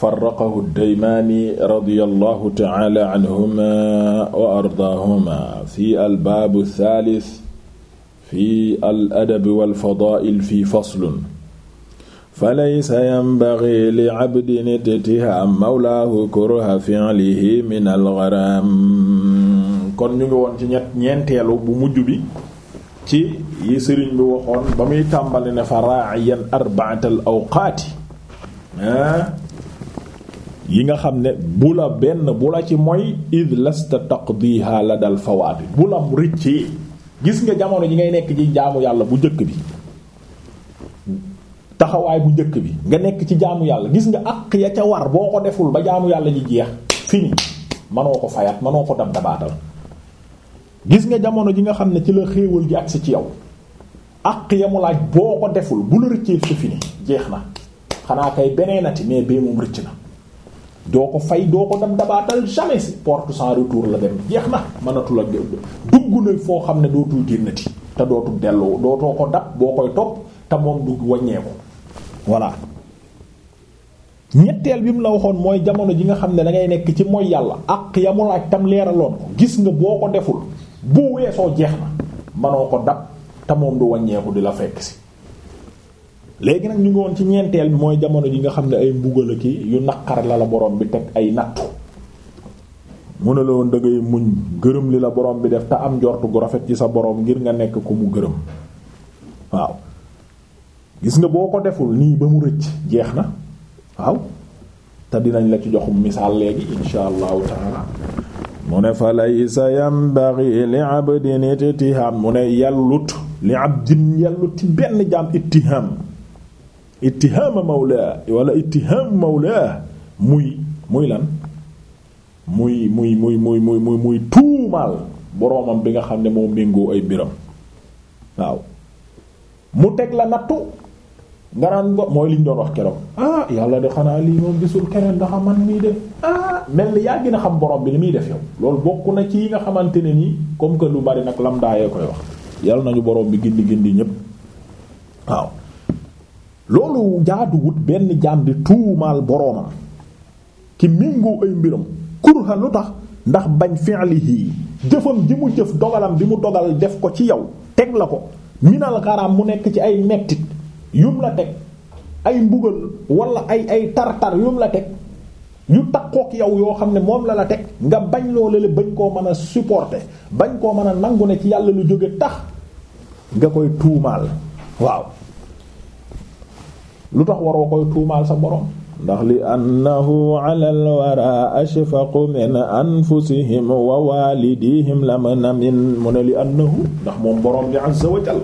farraqahu daymaani radiyallahu ta'ala anhuma wa ardaahuma fi albaabu thaalith fi al adabi wal fadaa'il fi faslun falaysa yanbaghi li abdin ittiham mawlaahu kurha fi'lihi min al gharam kon ñu ngi woon ci ñett ñeenteelu bu mujj bi ci yi sëriñ bi waxoon ba muy tàmbali ne fa raa'iyan arba'atal awqaati ah. yi nga xam ne bu la benn bu la ci mooy id lasta taqdiha la dal fawaati bu la gis nga jamono ji ngay nekk ci jaamu yàlla bu njëkk bi bu njëkk bi nga nekk ci jaamu yàlla gis nga àq ya boo ko deful ba jaamu yàlla ji jeex fini manoo ko fayat ko dab nga jamono ji nga xam ne ci la xéewal gi agsi ci yow àq ya mu laaj boo ko deful bu la rëccee su fini jeex na xanaa kay beneenati mais bee moom rëcc na doo ko fay doo ko dab dabaatal jamais si porte sans retour la dem jeex na mënatul a dugg na foo xam ne dootul génnati te dootul dellu dootoo ko dab boo koy topp te moom du wàññeeku voilà ñetteel bi mu la waxoon mooy jamono ji nga xam ne da ngay nekk ci mooy yàlla ak yamul ak tam leeraloon ko gis nga boo ko deful bu weesoo jeex na manoo ko dab te moom du wàññeeku di la fekk si léegi nag ñu ngi woon ci ñeenteel bi mooy jamono ji nga xam ne ay mbugal ki yu naqar la la borom bi teg ay nattu mu ne la woon muñ gërëm li la borom bi def te am njort gu rafet ci sa borom ngir nga nekk ko mu gërëm waaw gis nga boo ko deful nii ba mu rëcc jeex na waaw te dinañ la ci joxum misaal léegi insha allahu taala mu ne fa laysa yambaghi li abdin ittiham mu ne yellut li abdin yellut ci benn jaam ittiham ittihaama mawla wala ittihaam mawla muy muy lan muy muy muy muy muy muy muy tuumaal boroomam bi nga xam ne moo méngoo ay biram waaw mu teg la nattu nga naan go mooy liñ doon wax keroog ah yàlla de xanaa lii moom gisul keneen ndax man mii def ah mel ni yaa gën a xam borom bi ni muy def yow loolu bokk na ci yi nga xamante ne nii comme que lu bari nag lam daayee koy wax yàlla nañu boroom bi gindi gindi ñépp waaw loolu jaaduwut benn jaam di tuumaal boroomam ki mingoo ay mbiram kurhan lu tax ndax bañ fi'lihi jëfam ji mu jëf dogalam bi mu dogal def ko ci yow teg la ko minal xaraam mu nekk ci ay mettit yum la teg ay mbugal wala ay ay tartar yum la teg yu takkook yow yoo xam ne moom la la teg nga bañ loole la bañ koo mën a supporter bañ koo mën a nangu ne ci yàlla lu jóge tax nga koy tuumaal waaw lu tax waroo koy tuumaal sa borom ndax li annahu ala alwara ashfaqu min anfusihim wa walidihim lamana min mu ne li annahu ndax moom borom bi azza wa jal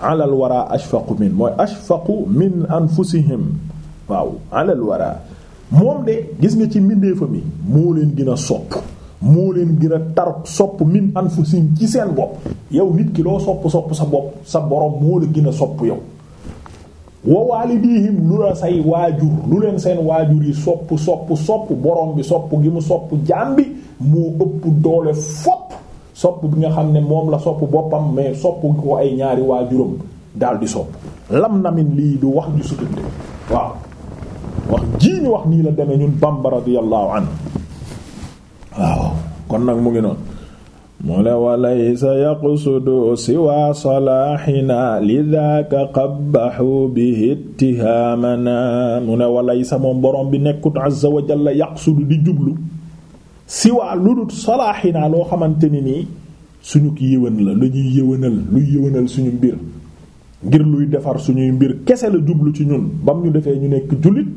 ala ashfaqu min mooy ashfaqu min anfusihim waaw ala alwara moom de gis nga ci mbindeefa mi moo leen gën a sopp moo leen gën a tar sopp min anfusihim ci seen bopp yow nit kiloo loo sopp sopp sa bopp sa borom moo la gën a sopp yow wa waalidihim lu la say waajur lu leen seen waajur yi sopp sopp sopp borom bi sopp gi mu sopp jaam bi moo ëpp doole fopp sopp bi nga xam ne moom la sopp boppam mais sopp ko ay ñaari waajuram daal di sopp lam namin lii du wax ju sutante waaw wax jii ñu wax nii la demee ñun Bamba radiyallahu anhu waaw kon nag mu ngi noonu mu ne walaysa yaqsudu siwaa salaaxinaa lidaaka qabbaxu bihi ittihaamanaa mu ne walaysa moom borom bi nekkut azza wa jalla yaqsudu di jublu siwaa lu dul salaaxinaa loo xamante ni nii suñu yëwan la lu ñuy yëwanal luy yëwanal suñu mbir ngir luy defar suñuy mbir kese la jublu ci ñun bam ñu defee ñu nekk jullit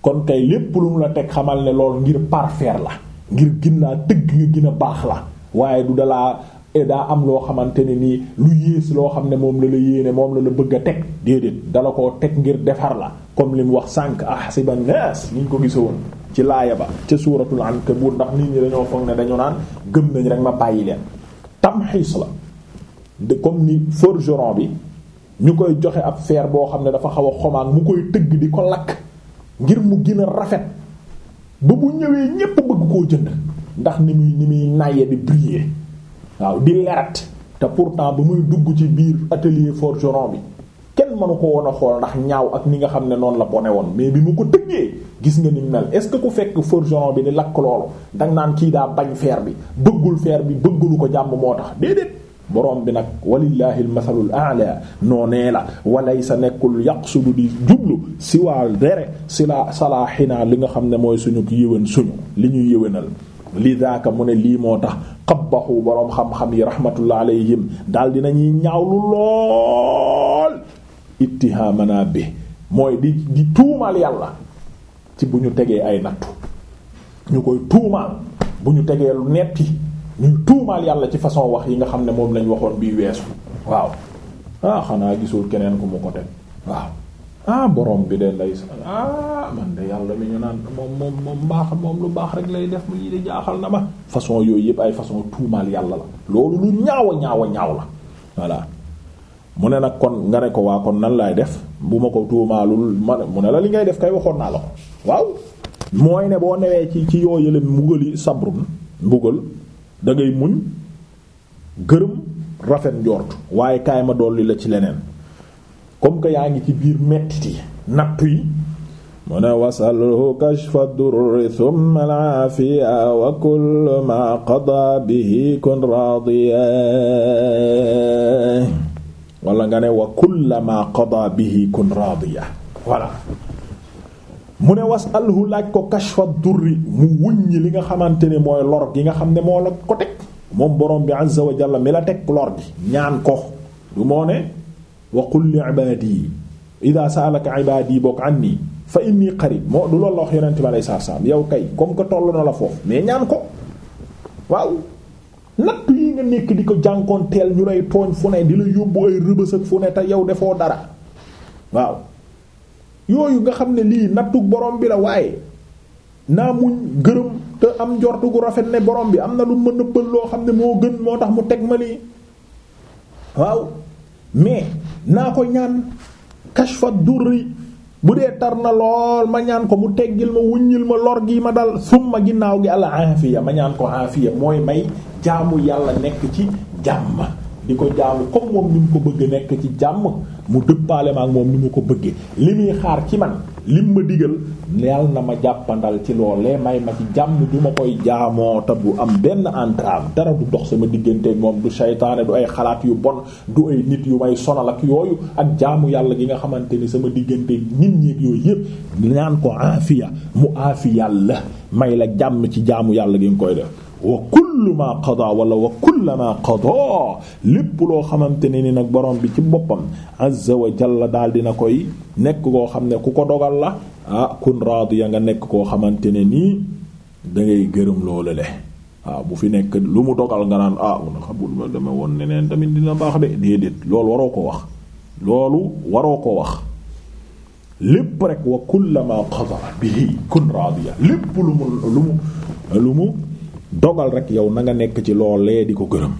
kon kay lépp lu mu la teg xamal ne lool ngir parfaire la ngir gën laa tëgg nga gën baax la waaye du dalaa eh, daa am loo xamante ne nii lu yées loo xam ne moom la la yéene moom la la bëgg a teg déedéet dala koo teg ngir defar la comme li mu wax sànq ahsiba naas ni ñu ko woon ci laaya ba ca suuratul ankabut ndax nit ñi dañoo foog ne dañoo naan gëm nañ rek ma bàyyi leen tamxiis la de comme ni forgeron bi ñu koy joxe ab fer boo xam ne dafa xaw a xomaag mu koy tëgg di ko lakk ngir mu gën a rafet ba bu ñëwee ñépp bëgg koo jënd ndax ni muy ni muy naye di briller waaw di lerat te pourtant ba muy dugg ci biir atelier forgeron bi kenn mënu ko woon a xool ndax ñaaw ak ni nga xam ne noonu la bone woon mais bi mu ko tëggee gis nga ni mel est ce que ku fekk forgeron bi di lakk loolu danga naan kii daa bañ feer bi bëggul feer bi bëggulu ko jàmm moo tax déedéet borom bi nag walillahi almathalul a'la noonee la sa nekkul yaqsudu di jublu siwaa dere si la salaaxinaa li nga xam ne mooy suñu yëwén suñu li ñuy yëwénal li daaka mu ne lii moo tax xabaxu boroom xam-xam yi rahmatullah alayhim daal dinañuy ñaawlu lool ittihamana bi mooy di di tuumaal yàlla ci bu ñu tegee ay nattu ñu koy tuumaal bu ñu tegee lu netti ñuy tuumaal yàlla ci façon wax yi nga xam ne moom lañ waxoon bii weesu waaw ah xanaa gisul keneen ku mu ko teg waaw ah borom bi de nday ah man de yàlla mi ñu naan moom moom moom baax moom lu baax rek lay def mu yi di jaaxal na ma façon yooyu yëpp ay façon tuumaal yàlla la loolu lu ñaaw a ñaaw ñaaw la voilà mu ne nag kon nga ne ko waa kon nan lay def bu ma ko tuumaalul ma mu ne la li ngay def kay waxoon naa la ko waaw mooy ne boo newee ci ci yoo yële mbugali sabrun mbugal da ngay muñ gërëm rafet njort waaye kaay ma dolli la ci leneen comme que yaa ngi ci biir mettit yi nattu yi mu ne wasalhu kashfa durri thumma alaafiya nga ne wa kullu ma qadaa bihi kun raadiya voilà mu ne wasalhu laaj ko kashfa durri mu wuññi li nga xamante ne mooy lor nga xam ne moo la ko teg moom borom bi azza wa jalla mi la teg lor ñaan ko du moo ne wa qul li ibaadi ida saalaka ibaadi bokk anni fa inni qarib moo du loolu la wax yonente bi alei satu yow kay comme que toll na la foofu mais ñaan ko waaw natt yi nga nekk di ko jànkoon teel ñu lay tooñ fu ne di la yóbbu ay rëbës ak fu ne te yow defoo dara waaw yooyu nga xam ne lii nattuk borom bi la waaye naa muñ gërëm te am njort gu rafet ne borom bi am na lu mën a bël loo xam ne moo gën moo tax mu teg ma lii waaw mais naa ko ñaan kashfa durri bu dee tar na lool ma ñaan ko mu teggil ma wuññil ma lor gi ma dal summa ginnaaw gi al aafiya ma ñaan ko aafiya mooy may jaamu yàlla nekk ci jàmm di ko jaamu comme moom ni mu ko bëgg nekk ci jàmm mu dëppaale ak moom ni mu ko bëggee li muy xaar ci man lim ma digal yàlla na ma jàppandal ci loolee may ma ci jàmm du ma koy jaamoota bu am benn entrave dara du dox sama digganteeg moom du saytaane du ay xalaat yu bon du ay nit yu may sonal ak yooyu ak jaamu yàlla gi nga xamante ni sama digganteeg nit ñeeg yooyu yëpp ñaan ko aafiya mu aafiya la may la jàmm ci jaamu yàlla gi nga koy def wa kullu ma qadaa wala wa kullu ma lépp loo xamante ne ni nag borom bi ci boppam azza wa jalla daal dina koy nekk koo xam ne ku ko dogal la ah kun raadiya nga nekk koo xamante ne nii dangay gërëm loolu le waaw ah, bu fi nekk lu mu dogal nga naan ah wala xamul ma dama woon neneen tamit dina baax de déedéet loolu waroo ko wax loolu waroo ko wax lépp rek wa kullama qada bihi kun radiya lépp lu mu lu mu lu mu dogal rek yow na nga nekk ci loolee di ko gërëm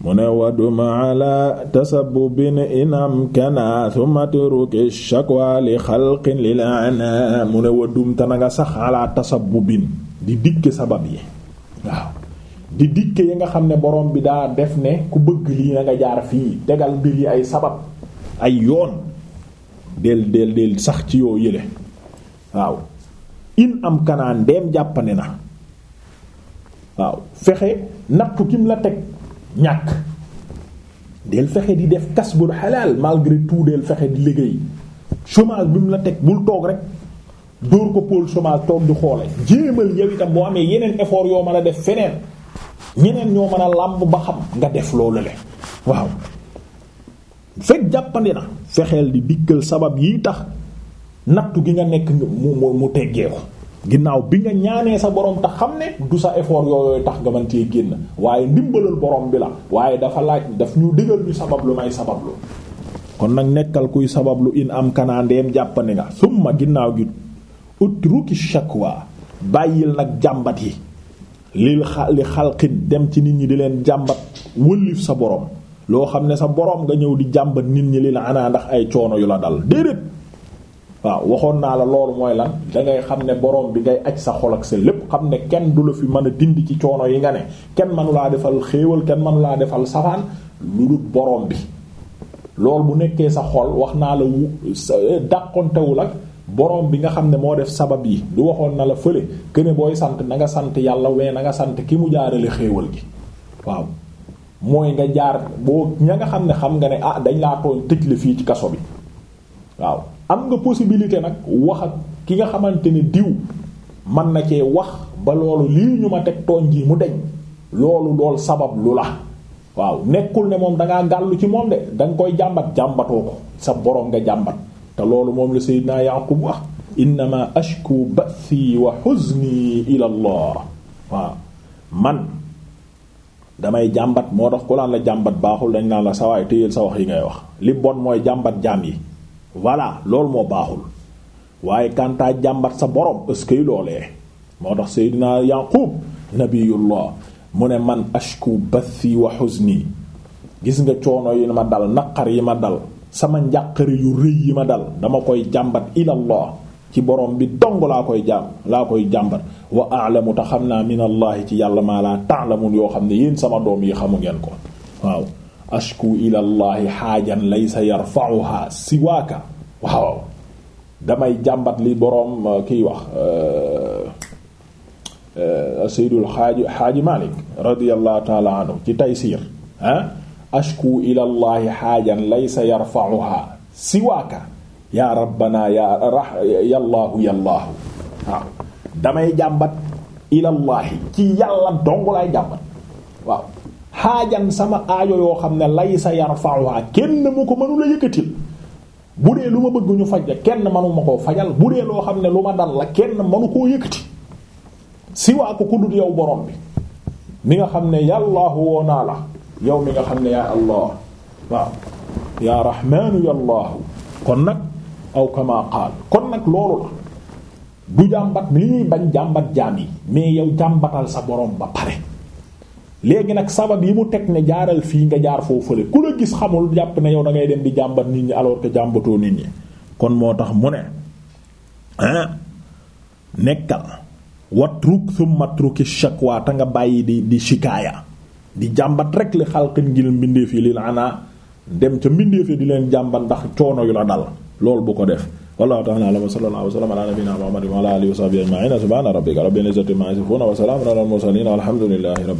mu ne waduma ala tasabubin inam kana thumma turuki shakwa li xalqin lil ana mu ne wadum te na nga sax ala tasabubin di dikke sabab yi waaw di dikk yi nga xam ne borom bi daa def ne ku bëgg lii na nga jaar fii degal mbir yi ay sabab ay yoon del del del sax ci yow yële waaw in am kanaa ndeem jàppane na waaw fexe nattu kim la teg ñàkk del fexe di def bu kasbul xalaal malgré tout del fexe di liggéey chômage bi mu la teg bul toog rek dóor ko pôle chômage toog di xoole jéemal yow itam boo amee yeneen effort yoo mën a def feneen ñeneen ñoo mën a làmb ba xam nga def loolu la waaw fekk jàppandi na fexeel di dikkal sabab yi tax nattu gi nga nekk mu mu teggeeku ginnaaw bi nga ñaanee sa borom tax xam ne du sa effort yooyu tax nga mën cee génn waaye ndimbalal borom bi la waaye dafa laaj daf ñu digal ñu sabablu may sabablu kon nag nekkal kuy sabablu in am kanandeem jàppandi nga summa ginnaaw gi utruki shakwa bàyyil nag jàmbat yi lil xa li xalqin dem ci nit ñi di leen jàmbat wëllif sa borom loo xam ne sa borom nga ñëw di jàmbat nit ñi li la anaa ndax ay coono yu la dal déedéet waaw waxoon naa la loolu mooy lan dangay xam ne boroom bi ngay aj sa xol ak sa lépp xam ne kenn du la fi mën a dindi ci coono yi nga ne kenn mënu laa defal xéewal kenn mënu laa defal safaan lu bi loolu bu nekkee sa xol wax naa la wu dàqontewul ak borom bi nga xam ne moo def sabab yi du waxoon na la fële que booy sant na nga sant yàlla wee na nga sant ki mu jaarale xéewal gi waaw mooy nga jaar boo ña nga xam ne xam nga ne ah dañ laa tooñ tëj la fii ci kaso bi waaw am nga possibilité nag wax ak ki nga xamante ne diw man na cee wax ba loolu lii ñu ma teg tooñ ji mu deñ loolu lool sabab lu la waaw nekkul ne moom dangaa gàllu ci moom de danga koy jàmbat jàmbatoo ko sa boroom nga jàmbat te loolu moom la Seydina Yaqub wax innama ashku ba'thi wa huzni ila Allah waaw man damay jàmbat moo tax ku laan la jàmbat baaxul dañ naa la sawaay téyel sa wax yi ngay wax li bon mooy jàmbat jaam yi voilà loolu moo baaxul waaye kantaa jàmbat sa borom est-ce que loolee moo tax seydinaa yaqub nabiyullah mu ne man ashku bathi wa huzni gis nga coono yi ma dal naqar yi ma dal sama njàqare yu rëy yi ma dal dama koy jàmbat ilallah ci borom bi dong laa koy jàm laa koy jàmbat wa a'lamu te xam naa min allahi ci yàlla maa laa ta'lamun yoo xam ne yéen sama doom yi xamu ngeen ko waaw ashku ilallahi xaajan laysa yarfa'uha siwaaka waaw damay jàmbat li boroom kiy wax sayyidul xaaji xaaji Malik radiyallahu taala anhu ci Taysiir ah ashku ilallahi xaajan laysa yarfa'uha siwaaka yaa rabbana ya ra yallaahu yallaahu waaw damay jàmbat ilallahi ci yàlla dong laay jàmbat waaw xaajan sama aajo yoo xam ne lay sa yarfa'uha kenn mu ko mënula yëkkatil bu dee lu ma bëgg ñu faj la kenn manuma koo fajal bu dee loo xam ne lu ma dal la kenn manu koo yëkkati siwaa ko ku dul yow borom bi mi nga xam ne yàllaahu woo naa la yow mi nga xam ne yaa allah waaw yaa rahmaanu yàllaahu kon nag aw kama qaal kon nag loolu la du jàmbat li ñuy bañ jàmbat jaam yi mais yow jàmbatal sa borom ba pare léegi nag sabab yi mu teg ne jaaral fii nga jaar foofu fële ku la gis xamul jàpp ne yow da ngay dem di jàmbat nit ñi alors que jàmbatoo nit ñi kon moo tax mu ne ah nekkal watruk thumma truki shakwa ta nga bàyyi di di shikaaya di jàmbat rek li xalqin ngir mbindeef yi li la ana dem ca mbindeef yi di leen jàmbat ndax coono yu la dal loolu bu ko def wallahu ta'ala a'lam wa sallallahu wa sallama ala nabiyyina muhammadin wa ala alihi wa sahbihi ajma'in subhana rabbika rabbil izzati amma yasifun wa salamun ala al mursalin walhamdulillahi rabbil